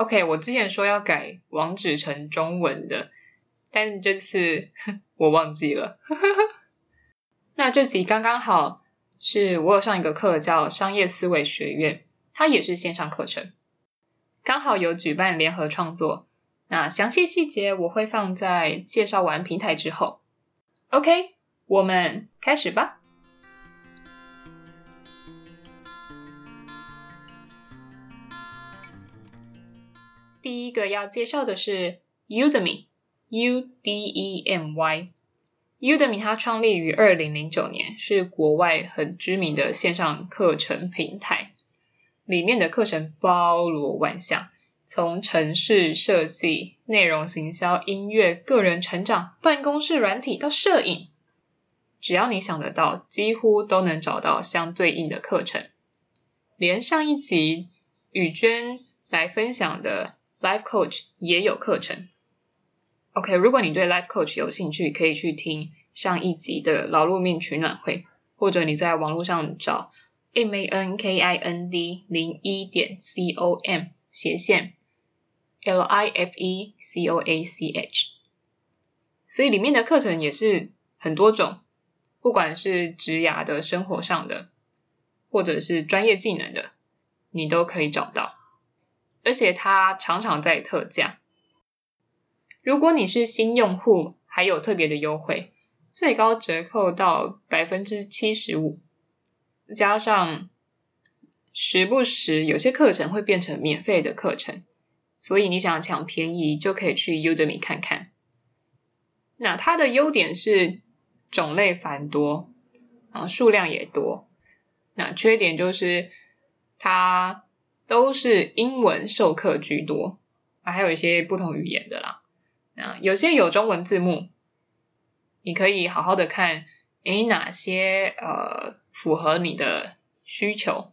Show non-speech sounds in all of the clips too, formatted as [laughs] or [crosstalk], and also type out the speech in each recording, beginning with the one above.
OK，我之前說要改網址成中文的，但是這次我忘記了。 [laughs] 那這集剛剛好是我有上一個課叫商業思維學院，它也是線上課程，剛好有舉辦聯合創作。那詳細細節我會放在介紹完平台之後。OK，我們開始吧。第一個要介紹的是 Udemy，U D E M Y。Udemy 它創立於二零零九年，是國外很知名的線上課程平台，裡面的課程包羅萬象，從城市設計、內容行銷、音樂、個人成長、辦公室軟體到攝影，只要你想得到，幾乎都能找到相對應的課程。連上一集宇娟來分享的。Life Coach 也有課程，OK，如果你對 Life Coach 有興趣，可以去聽上一集的勞碌命取暖會，或者你在網絡上找 M A N K I N D 零一點 C O M 斜線 L I F E C O A C H，所以裡面的課程也是很多種，不管是職涯的，生活上的，或者是專業技能的，你都可以找到。而且它常常在特價。如果你是新用戶，還有特別的優惠，最高折扣到百分之七十五，加上時不時有些課程會變成免費的課程，所以你想搶便宜就可以去 Udemy 看看。那它的優點是種類繁多，然後數量也多。那缺點就是它。都是英文授課居多，還有一些不同語言的啦。啊，有些有中文字幕，你可以好好的看。誒，哪些，呃符合你的需求？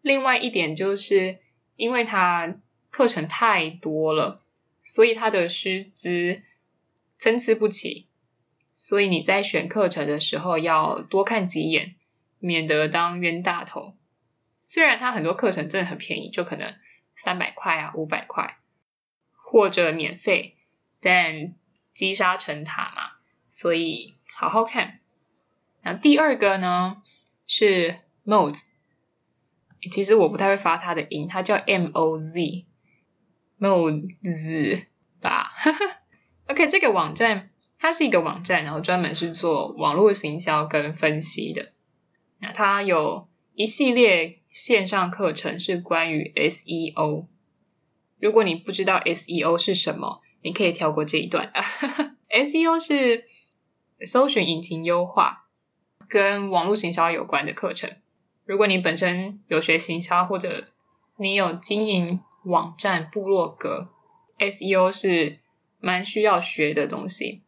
另外一點就是，因為他課程太多了，所以他的師資參差不齊，所以你在選課程的時候要多看幾眼，免得當冤大頭。雖然它很多課程真的很便宜，就可能三百塊啊、五百塊或者免費，但積沙成塔嘛，所以好好看。那第二個呢是 Moz，其實我不太會發它的音，它叫 M O Z Moz 吧。 [laughs] OK，這個網站它是一個網站，然後專門是做網絡行銷跟分析的。那它有一系列。線上課程是關於 SEO。如果你不知道 SEO 是什麼，你可以跳過這一段。 [laughs] SEO 是搜尋引擎優化，跟網絡行銷有關的課程。如果你本身有學行銷，或者你有經營網站、部落格，SEO 是蠻需要學的東西。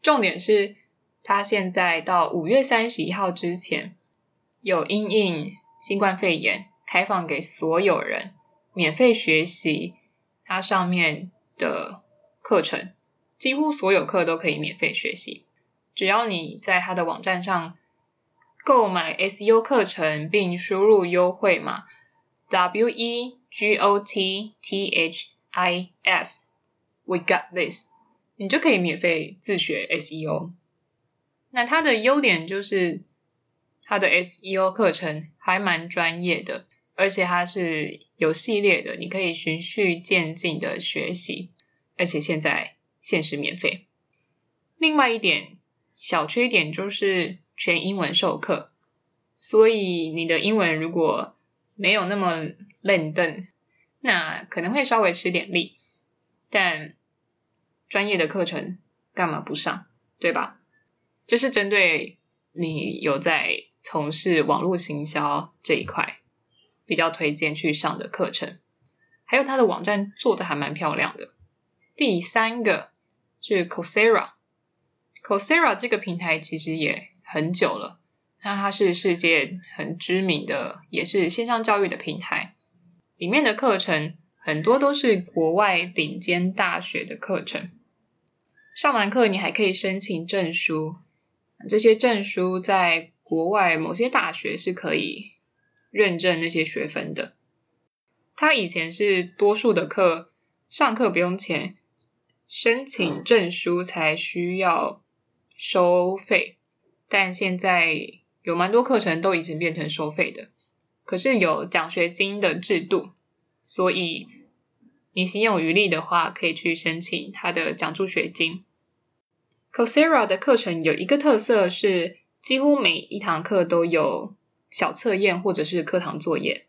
重點是，它現在到五月三十一號之前有 in in。新冠肺炎開放給所有人免費學習，它上面的課程幾乎所有課都可以免費學習，只要你在它的網站上購買 SEO 課程並輸入優惠碼 W E G O T T H I S，We got this，你就可以免費自學 SEO。那它的優點就是。他的 SEO 課程還蠻專業的，而且它是有系列的，你可以循序漸進的學習，而且現在限時免費。另外一點小缺點就是全英文授課，所以你的英文如果沒有那麼嫩嫩，那可能會稍微吃點力。但專業的課程幹嘛不上？對吧？這、就是針對你有在從事網絡行銷這一塊，比較推薦去上的課程，還有他的網站做的還蠻漂亮的。第三個是 Coursera，Coursera 這個平台其實也很久了，那它是世界很知名的，也是線上教育的平台，裡面的課程很多都是國外頂尖大學的課程。上完課你還可以申請證書，這些證書在。國外某些大學是可以認證那些學分的。他以前是多數的課，上課不用錢，申請證書才需要收費。但現在有蠻多課程都已經變成收費的，可是有獎學金的制度，所以你行有餘力的話，可以去申請他的獎助學金。Coursera 的課程有一個特色是，幾乎每一堂課都有小測驗或者是課堂作業，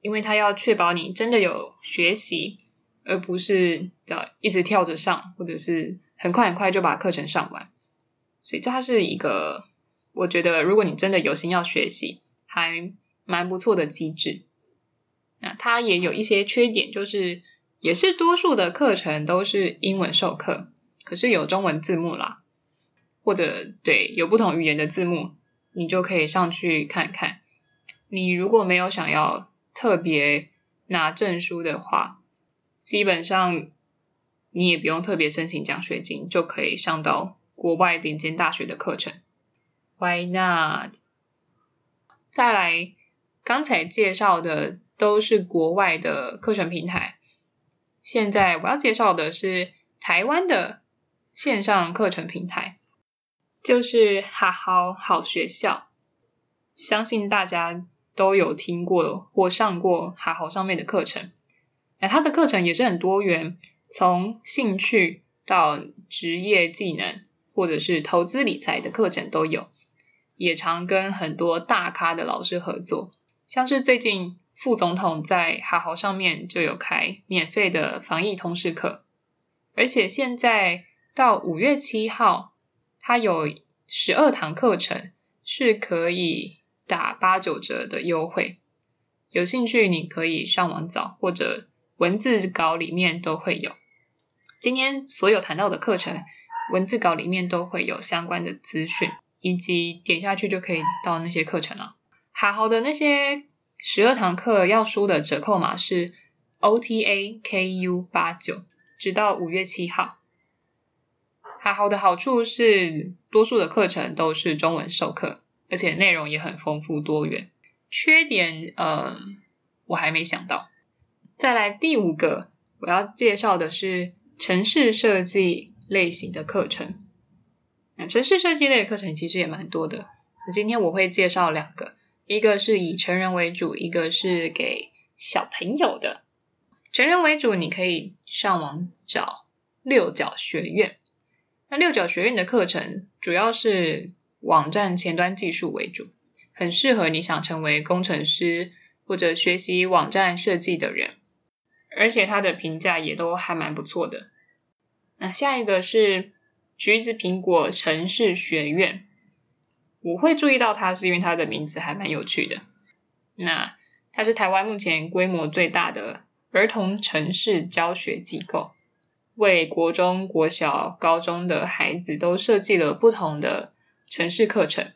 因為它要確保你真的有學習，而不是叫一直跳着上，或者是很快很快就把課程上完。所以，它是一個，我覺得如果你真的有心要學習，還蠻不錯的機制。那它也有一些缺點，就是也是多數的課程都是英文授課，可是有中文字幕啦。或者，對，有不同語言的字幕，你就可以上去看看。你如果沒有想要特別拿證書的話，基本上你也不用特別申請獎學金，就可以上到國外頂尖大學的課程。Why not？再來，剛才介紹的都是國外的課程平台，現在我要介紹的是台灣的線上課程平台。就是哈豪好學校，相信大家都有聽過或上過哈豪上面的課程。那他的課程也是很多元，從興趣到職業技能，或者是投資理財的課程都有。也常跟很多大咖的老師合作，像是最近副總統在哈豪上面就有開免費的防疫通識課，而且現在到五月七號。它有十二堂課程是可以打八九折的優惠，有興趣你可以上網找，或者文字稿裡面都會有。今天所有談到的課程，文字稿裡面都會有相關的資訊，以及點下去就可以到那些課程了。好好的那些十二堂課要輸的折扣碼是 O T A K U 八九，直到五月七號。它 Hahow 的好處是，多數的課程都是中文授課，而且內容也很豐富多元。缺點，呃、嗯，我還沒想到。再來第五個，我要介紹的是程式設計類型的課程。那程式設計類課程其實也蠻多的，那今天我會介紹兩個，一個是以成人為主，一個是給小朋友的。成人為主，你可以上網找六角學院。那六角學院的課程主要是網站前端技術為主，很適合你想成為工程師或者學習網站設計的人，而且它的評價也都還蠻不錯的。那下一個是橘子蘋果程式學院，我會注意到它是因為它的名字還蠻有趣的。那它是台灣目前規模最大的兒童程式教學機構。為國中、國小、高中的孩子都設計了不同的程式課程。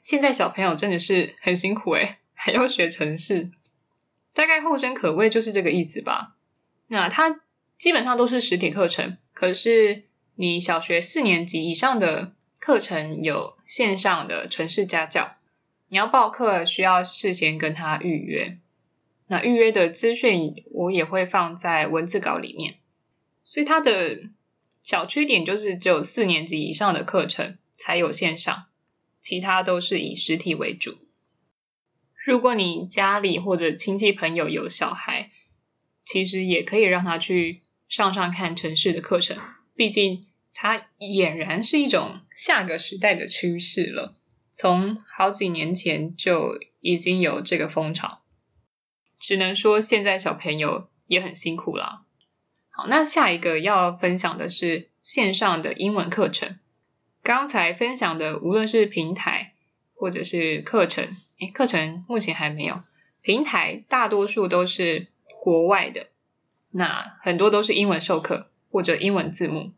現在小朋友真的是很辛苦誒、欸，還要學程式，大概後生可畏就是這個意思吧。那它基本上都是實體課程，可是你小學四年級以上的課程有線上的程式家教，你要報課需要事先跟他預約。那預約的資訊我也會放在文字稿裡面。所以他的小缺點就是只有四年級以上的課程才有線上，其他都是以實體為主。如果你家裡或者親戚朋友有小孩，其實也可以讓他去上上看城市的課程，畢竟它儼然是一種下個時代的趨勢了。從好幾年前就已經有這個風潮，只能說現在小朋友也很辛苦啦。好，那下一個要分享的是線上的英文課程。剛才分享的，無論是平台或者是課程，誒，課程目前還沒有，平台大多數都是國外的，那很多都是英文授課或者英文字幕，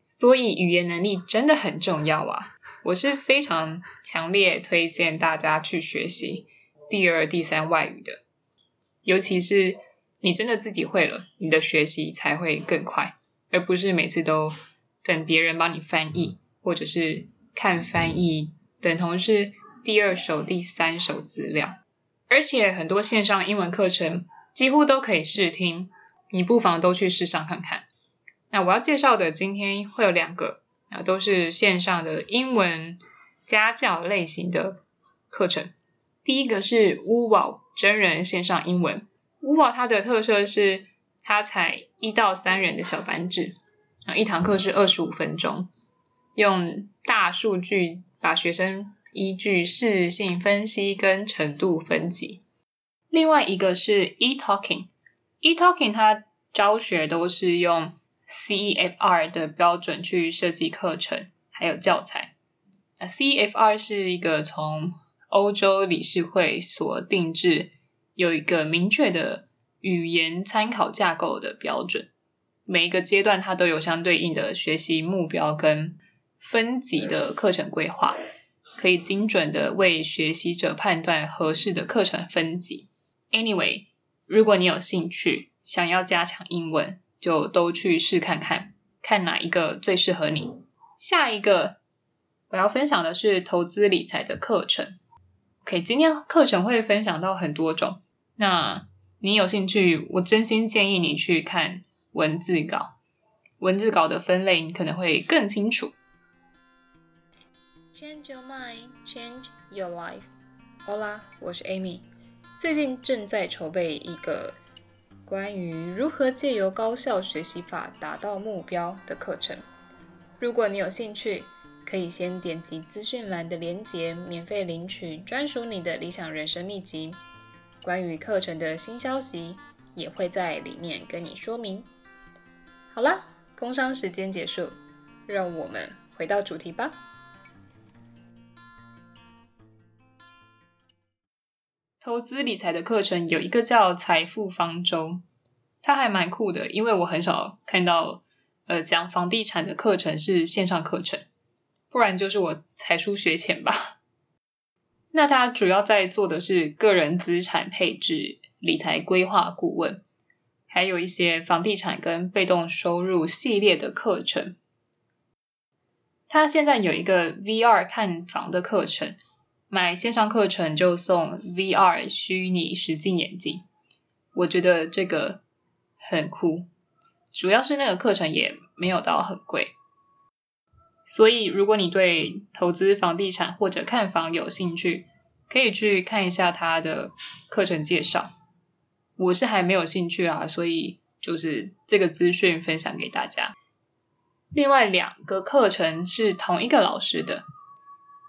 所以語言能力真的很重要啊！我是非常強烈推薦大家去學習第二、第三外語的，尤其是。你真的自己會了，你的學習才會更快，而不是每次都等別人幫你翻譯，或者是看翻譯，等同是第二手、第三手資料。而且很多線上英文課程幾乎都可以試聽，你不妨都去試上看看。那我要介紹的今天會有兩個，啊，都是線上的英文家教類型的課程。第一個是 WUWOW 真人線上英文。五寶它的特色是它採一到三人的小班制，啊，一堂課是二十五分鐘，用大數據把學生依據適性分析跟程度分級。另外一個是 E-Talking，E-Talking 它教學都是用 CEFR 的標準去設計課程還有教材，啊，CEFR 是一個從歐洲理事會所定製。有一個明確的語言參考架構的標準，每一個階段它都有相對應的學習目標跟分級的課程規劃，可以精準的為學習者判斷合適的課程分級。Anyway，如果你有興趣想要加強英文，就都去試看看，看哪一個最適合你。下一個我要分享的是投資理財的課程。OK，今天課程會分享到很多種。那你有興趣，我真心建議你去看文字稿，文字稿的分類你可能會更清楚。Change your mind, change your life。Hola，我是 Amy，最近正在籌備一個關於如何借由高效學習法達到目標的課程。如果你有興趣，可以先點擊資訊欄的連結，免費領取專屬你的理想人生秘笈。關於課程的新消息也會在裡面跟你說明。好啦，工商時間結束，讓我們回到主題吧。投資理財的課程有一個叫《財富方舟》，它還蠻酷的，因為我很少看到呃講房地產的課程是線上課程，不然就是我才疏學淺吧。那他主要在做的是個人資產配置、理財規劃顧問，還有一些房地產跟被動收入系列的課程。他現在有一個 VR 看房的課程，買線上課程就送 VR 虛擬實境眼鏡。我覺得這個很酷，主要是那個課程也沒有到很貴。所以，如果你對投資房地產或者看房有興趣，可以去看一下他的課程介紹。我是還沒有興趣啊，所以就是這個資訊分享給大家。另外兩個課程是同一個老師的，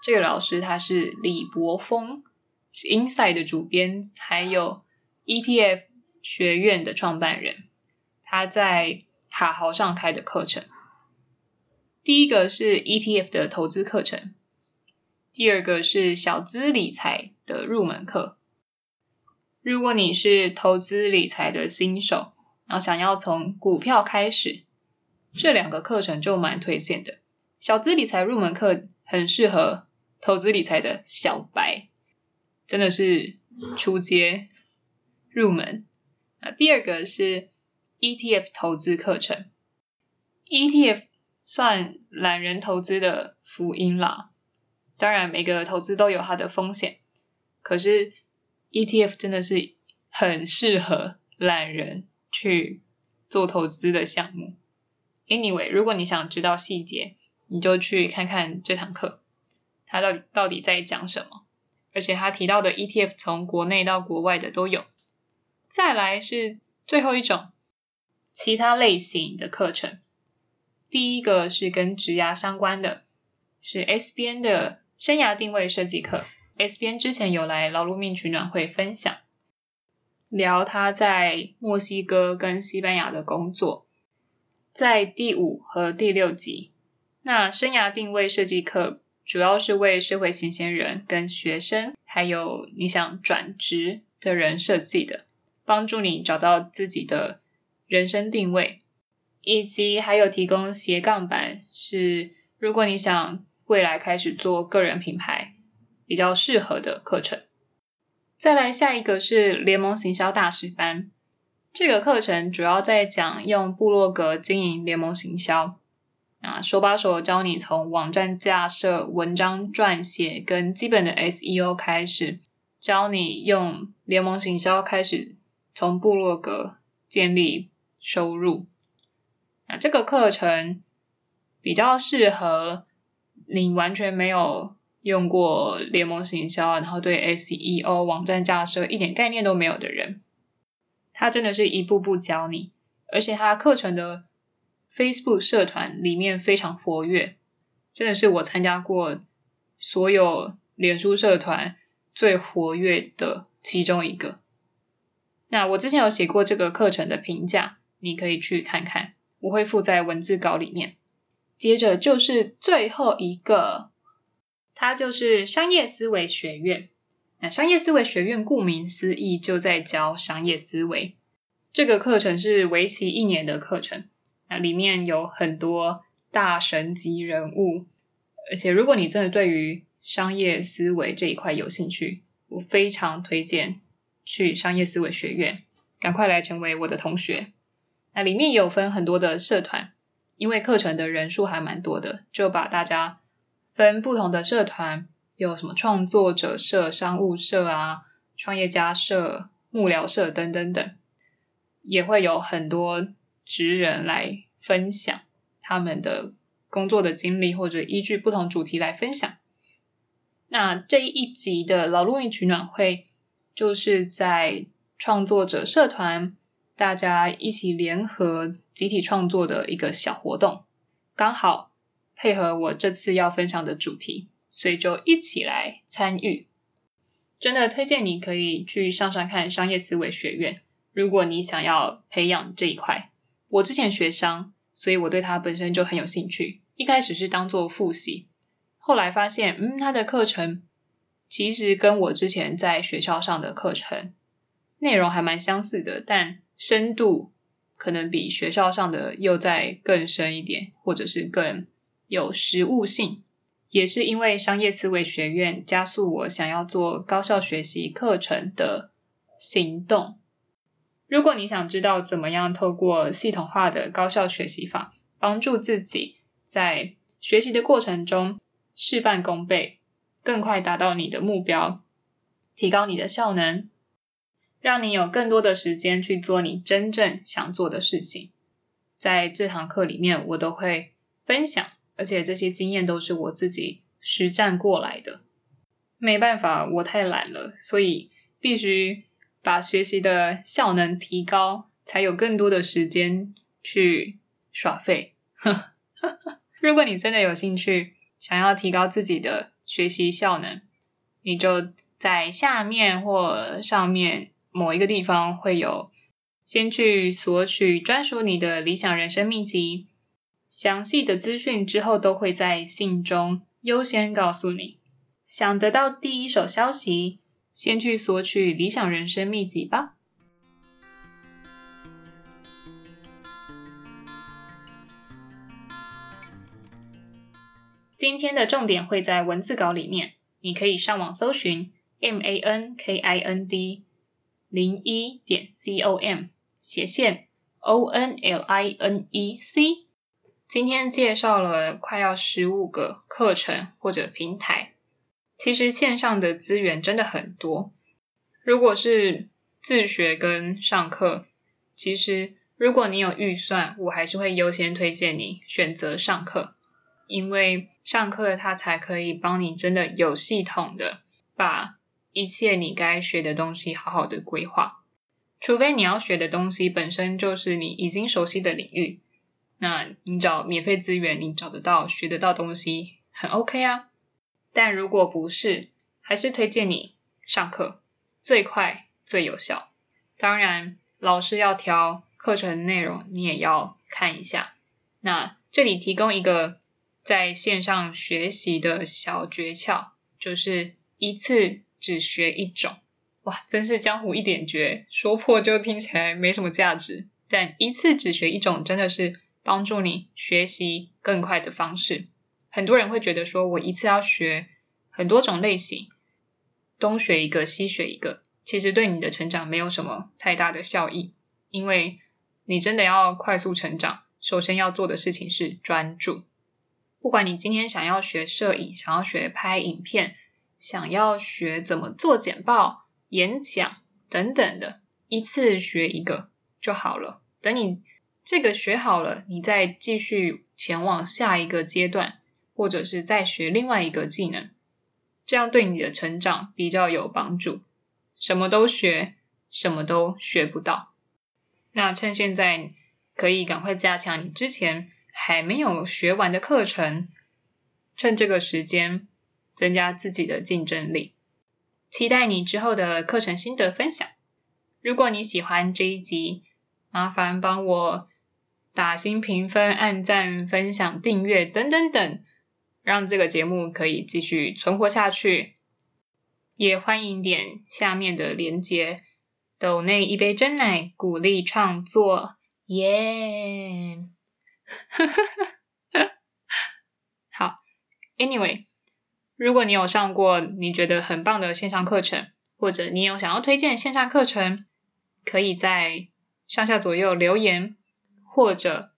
這個老師他是李博峰，是 Inside 的主編，還有 ETF 學院的創辦人，他在哈豪上開的課程。第一個是 ETF 的投資課程，第二個是小資理財的入門課。如果你是投資理財的新手，然後想要從股票開始，這兩個課程就蠻推薦的。小資理財入門課很適合投資理財的小白，真的是初階入門。那第二個是 ETF 投資課程，ETF。算懶人投資的福音啦！當然，每個投資都有它的風險，可是 ETF 真的是很適合懶人去做投資的項目。Anyway，如果你想知道細節，你就去看看這堂課，它到底到底在講什麼。而且他提到的 ETF 從國內到國外的都有。再來是最後一種，其他類型的課程。第一個是跟職涯相關的，是 SBN 的生涯定位設計課。SBN 之前有來勞碌命取暖會分享，聊他在墨西哥跟西班牙的工作，在第五和第六集。那生涯定位設計課主要是為社會新鮮人，跟學生，還有你想轉職的人設計的，幫助你找到自己的人生定位。以及還有提供斜槓班是如果你想未來開始做個人品牌，比較適合的課程。再來下一個是聯盟行銷大師班，這個課程主要在講用部落格經營聯盟行銷，啊，手把手教你從網站架設、文章撰寫跟基本的 SEO 開始，教你用聯盟行銷開始從部落格建立收入。那這個課程比較適合你完全沒有用過聯盟行銷，然後對 SEO 網站架設一點概念都沒有的人。他真的是一步步教你，而且他課程的 Facebook 社團裡面非常活躍，真的是我參加過所有臉書社團最活躍的其中一個。那我之前有寫過這個課程的評價，你可以去看看。我會附在文字稿裡面。接着就是最後一個，它就是商業思維學院。那商業思維學院顧名思義就在教商業思維。這個課程是為期一年的課程，那裡面有很多大神級人物。而且如果你真的對於商業思維這一塊有興趣，我非常推薦去商業思維學院，趕快來成為我的同學。那裡面有分很多的社團，因為課程的人數還蠻多的，就把大家分不同的社團，有什麼創作者社、商務社啊、創業家社、幕僚社等等等，也會有很多職人來分享他們的工作的經歷，或者依據不同主題來分享。那這一集的老錄音取暖會，就是在創作者社團大家一起聯合集體創作的一個小活動，剛好配合我這次要分享的主題，所以就一起來參與。真的推薦你可以去上上看商業思維學院。如果你想要培養這一塊，我之前學商，所以我對它本身就很有興趣。一開始是當做復習，後來發現，嗯，它的課程其實跟我之前在學校上的課程內容還蠻相似的，但。深度可能比學校上的又再更深一點，或者是更有實務性，也是因為商業思維學院加速我想要做高效學習課程的行動。如果你想知道怎麼樣透過系統化的高效學習法，幫助自己在學習的過程中事半功倍，更快達到你的目標，提高你的效能。讓你有更多的時間去做你真正想做的事情。在這堂課裡面，我都會分享，而且這些經驗都是我自己實戰過來的。沒辦法，我太懶了，所以必須把學習的效能提高，才有更多的時間去耍廢。 [laughs] 如果你真的有興趣，想要提高自己的學習效能，你就在下面或上面，某一個地方會有，先去索取專屬你的理想人生秘籍，詳細的資訊之後都會在信中優先告訴你。想得到第一手消息，先去索取理想人生秘籍吧。今天的重點會在文字稿裡面，你可以上網搜尋 “M A N K I N D”。零一點 .com 斜線 onlinec，今天介紹了快要十五個課程或者平台。其實線上的資源真的很多。如果是自學跟上課，其實如果你有預算，我還是會優先推薦你選擇上課，因為上課它才可以幫你真的有系統的把。一切你該學的東西，好好的規劃。除非你要學的東西本身就是你已經熟悉的領域，那你找免費資源，你找得到、學得到東西，很 OK 啊。但如果不是，還是推薦你上課，最快、最有效。當然，老師要挑課程內容，你也要看一下。那這裡提供一個在線上學習的小訣竅，就是一次。只學一種，哇，真是江湖一點訣，說破就聽起來沒什麼價值，但一次只學一種，真的是幫助你學習更快的方式。很多人會覺得，說我一次要學很多種類型，東學一個，西學一個，其實對你的成長沒有什麼太大的效益，因為你真的要快速成長，首先要做的事情是專注。不管你今天想要學攝影，想要學拍影片。想要學怎麼做簡報、演講等等的，一次學一個就好了。等你這個學好了，你再繼續前往下一個階段，或者是再學另外一個技能，這樣對你的成長比較有幫助。什麼都學，什麼都學不到。那趁現在可以趕快加強你之前還沒有學完的課程，趁這個時間，增加自己的競爭力，期待你之後的課程心得分享。如果你喜歡這一集，麻煩幫我打星評分、按讚、分享、訂閱等等等，讓這個節目可以繼續存活下去。也歡迎點下面的鏈接，抖內一杯珍奶鼓勵創作，耶、yeah! [laughs] 好，Anyway。如果你有上過你覺得很棒的線上課程，或者你有想要推薦線上課程，可以在上下左右留言，或者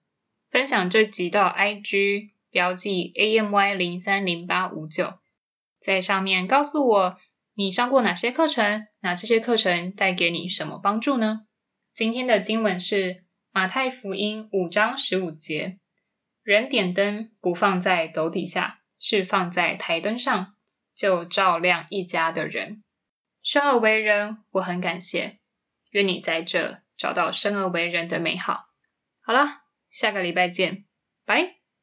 分享這集到 IG 標記 A M Y 零三零八五九，在上面告訴我你上過哪些課程，那這些課程帶給你什麼幫助呢？今天的經文是馬太福音五章十五節：“人點燈不放在斗底下。”是放在燈臺上，就照亮一家的人。生而為人，我很感謝。願你在這找到生而為人的美好。好了，下個禮拜見，拜。